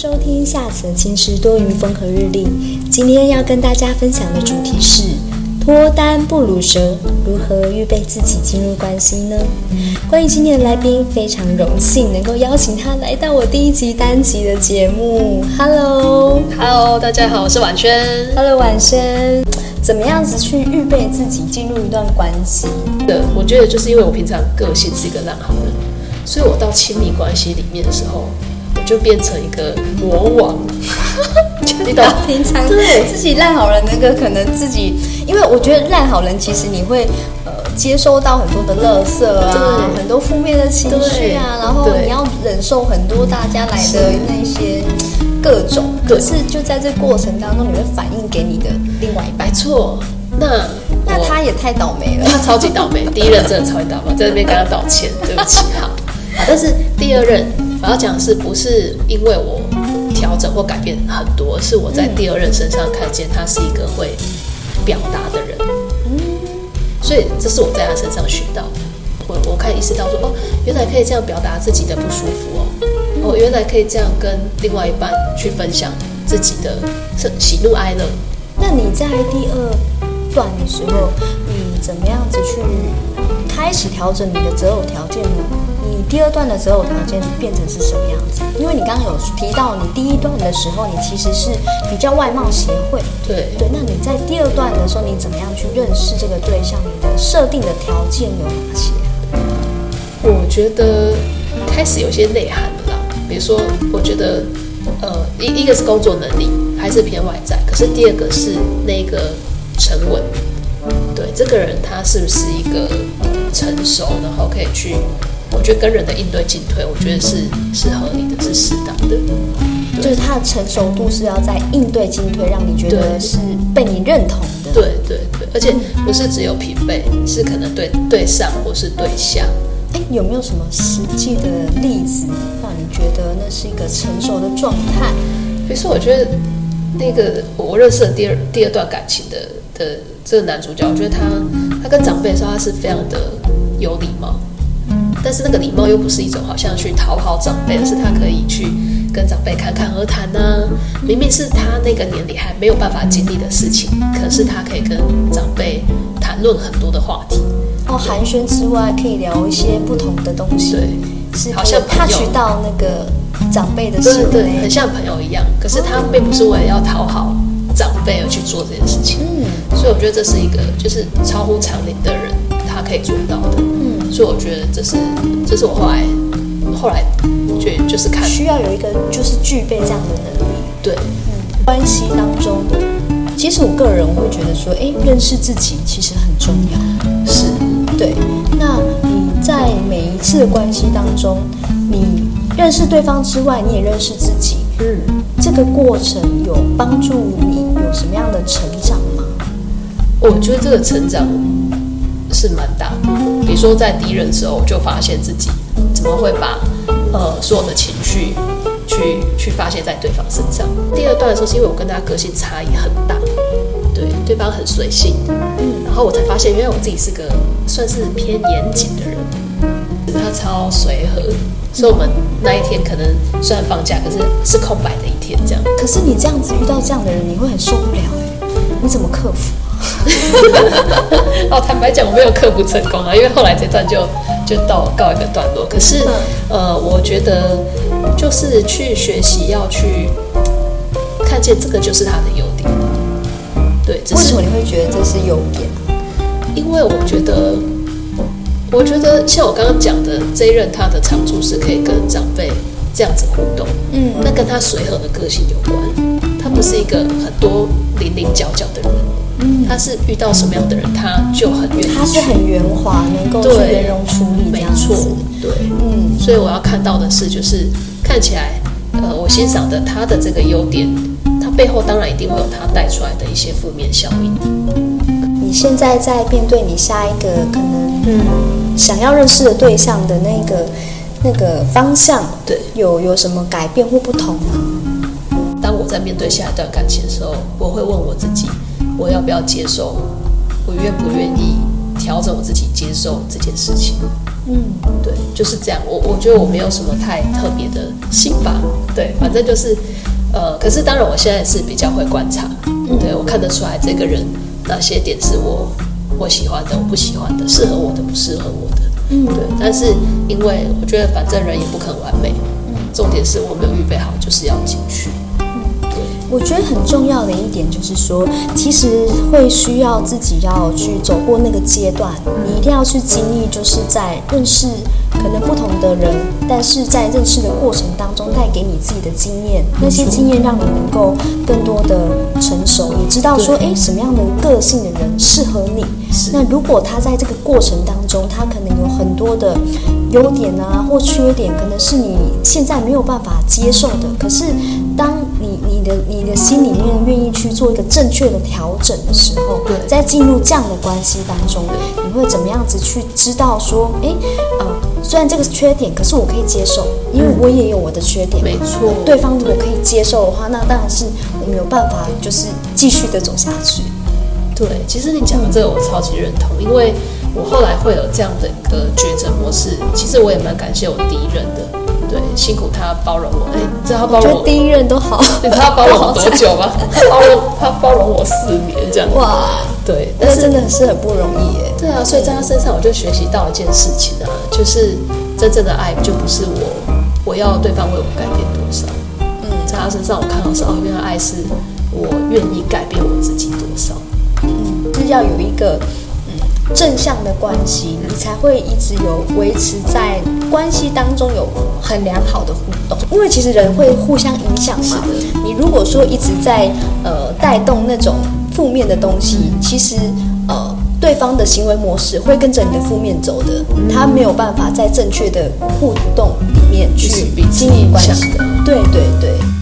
收聽下次的《青石多雲風和日麗》，今天要跟大家分享的主題是「脫單不魯蛇」，如何預備自己進入關係呢？關於今天的來賓，非常榮幸能夠邀請他來到我第一集單集的節目。Hello，Hello，Hello，大家好，我是婉萱。Hello，婉萱，怎麼樣子去預備自己進入一段關係？對，我覺得就是因為我平常個性是一個爛好人，所以我到親密關係裡面的時候。就變成一個魔王， 你知懂道？平常對，自己爛好人那個可能自己，因為我覺得爛好人其實你會呃接收到很多的垃圾啊，對很多負面的情緒啊，對然後你要忍受很多大家來的那些各種。對可是就在這過程當中，你會反映給你的另外一半。沒錯，那那他也太倒霉了，他超級倒霉。第一任真的超級倒霉， 在那邊跟他道歉， 對不起，哈好，好。但是第二任。 我要講的是不是因為我調整或改變很多，是我在第二任身上看見他是一個會表達的人，嗯，所以這是我在他身上學到的。我我我可以意識到說，哦，原來可以這樣表達自己的不舒服哦，我、哦、原來可以這樣跟另外一半去分享自己的喜怒哀樂。那你在第二段的時候，你怎麼樣子去開始調整你的擇偶條件呢？你第二段的擇偶條件變成是什麼樣子？因為你剛剛有提到，你第一段的時候你其實是比較外貌協會，對對。那你在第二段的時候，你怎麼樣去認識這個對象？你的設定的條件有哪些？我覺得開始有些內涵了啦，比如說，我覺得呃一一個是工作能力，還是偏外在，可是第二個是那個沉穩，對，這個人他是不是一個成熟，然後可以去。我覺得跟人的應對進退，我覺得是是合理的，是適當的，就是他的成熟度是要在應對進退，讓你覺得是被你認同的。對對對，而且不是只有平輩，是可能對對上或是對下。哎、欸，有沒有什麼實際的例子讓、啊、你覺得那是一個成熟的狀態？比如說，我覺得那個我認識的第二第二段感情的的這個男主角，我覺得他他跟長輩說，他是非常的有禮貌。但是那個禮貌又不是一種好像去討好長輩，而是他可以去跟長輩侃侃而談呢、啊，明明是他那個年齡還沒有辦法經歷的事情，可是他可以跟長輩談論很多的話題。哦，寒暄之外、嗯、可以聊一些不同的東西，對，是可他好像怕去到那個長輩的時候、那個，對，很像朋友一樣。可是他並不是為了要討好長輩而去做這件事情。嗯，所以我覺得這是一個就是超乎常理的人。他可以做到的，嗯，所以我覺得這是，這是我後來，後來，就就是看需要有一個就是具備這樣的能力，對，嗯，關係當中的，其實我個人會覺得說，欸，認識自己其實很重要，是對。那你在每一次的關係當中，你認識對方之外，你也認識自己，嗯，這個過程有幫助你有什麼樣的成長嗎？我覺得這個成長。是蠻大的，比如說在敵人的時候，我就發現自己怎麼會把呃所有的情緒去去發洩在對方身上。第二段的時候，是因為我跟他個性差異很大，對，對方很隨性，嗯，然後我才發現，因為我自己是個算是偏嚴謹的人，他超隨和，所以我們那一天可能雖然放假，可是是空白的一天這樣。可是你這樣子遇到這樣的人，你會很受不了哎、欸，你怎麼克服？ 哦，坦白講，我沒有克服成功啊，因為後來這段就就到告一個段落。可是，嗯、呃，我覺得就是去學習，要去看見這個，就是他的優點。對，是為什麼你會覺得這是優點？因為我覺得，我覺得像我剛剛講的這一任他的長處是可以跟長輩這樣子互動，嗯，那跟他隨和的個性有關，他不是一個很多稜稜角角的人。嗯、他是遇到什麼樣的人，他就很圓。嗯、他是很圓滑，能夠圓融處理沒錯，對，嗯。所以我要看到的是，就是，嗯看，是就是，看起來，呃，我欣賞的他的這個優點，他背後當然一定會有他帶出來的一些負面效應。你現在在面對你下一個可能、嗯、想要認識的對象的那個那個方向，對，有有什麼改變或不同嗎？當我在面對下一段感情的時候，我會問我自己。我要不要接受？我願不願意調整我自己接受這件事情？嗯，對，就是這樣。我我覺得我沒有什麼太特別的心吧。對，反正就是，呃，可是當然，我現在是比較會觀察。對，我看得出來這個人哪些點是我我喜歡的，我不喜歡的，適合我的，不適合我的。嗯，對。但是因為我覺得反正人也不可能完美。嗯，重點是我沒有預備好，就是要進去。我覺得很重要的一點就是說，其實會需要自己要去走過那個階段，你一定要去經歷，就是在認識可能不同的人，但是在認識的過程當中帶給你自己的經驗，那些經驗讓你能夠更多的成熟，你知道說，哎對，什麼樣的個性的人適合你？是那如果他在這個過程當中，他可能很多的優點啊，或缺點，可能是你現在沒有辦法接受的。可是，當你你的你的心裡面願意去做一個正確的調整的時候，對，在進入這樣的關係當中，對你會怎麼樣子去知道說，哎、欸呃，雖然這個是缺點，可是我可以接受，因為我也有我的缺點。嗯、沒錯，對方如果對我可以接受的話，那當然是我沒有辦法就是繼續的走下去。對,對，其實你講的這個我超級認同，嗯、因為。我後來會有這樣的一個抉擇模式，其實我也蠻感謝我第一任的，對，辛苦他包容我，哎、欸，你知道他包容我，我第一任都好，你知道他包容我多久嗎？才他包容他包容我四年這樣，哇，對，但是，但是真的是很不容易哎，對啊，所以在他身上我就學習到了一件事情啊，對就是真正的愛就不是我我要對方為我改變多少，嗯，在他身上我看到是啊，因為愛是我願意改變我自己多少，嗯，就是要有一個。正向的關係，你才會一直有維持在關係當中有很良好的互動。因為其實人會互相影響嘛。是的。你如果說一直在呃帶動那種負面的東西，其實呃對方的行為模式會跟着你的負面走的，他沒有辦法在正確的互動裡面去經營關係的。的啊、對對對。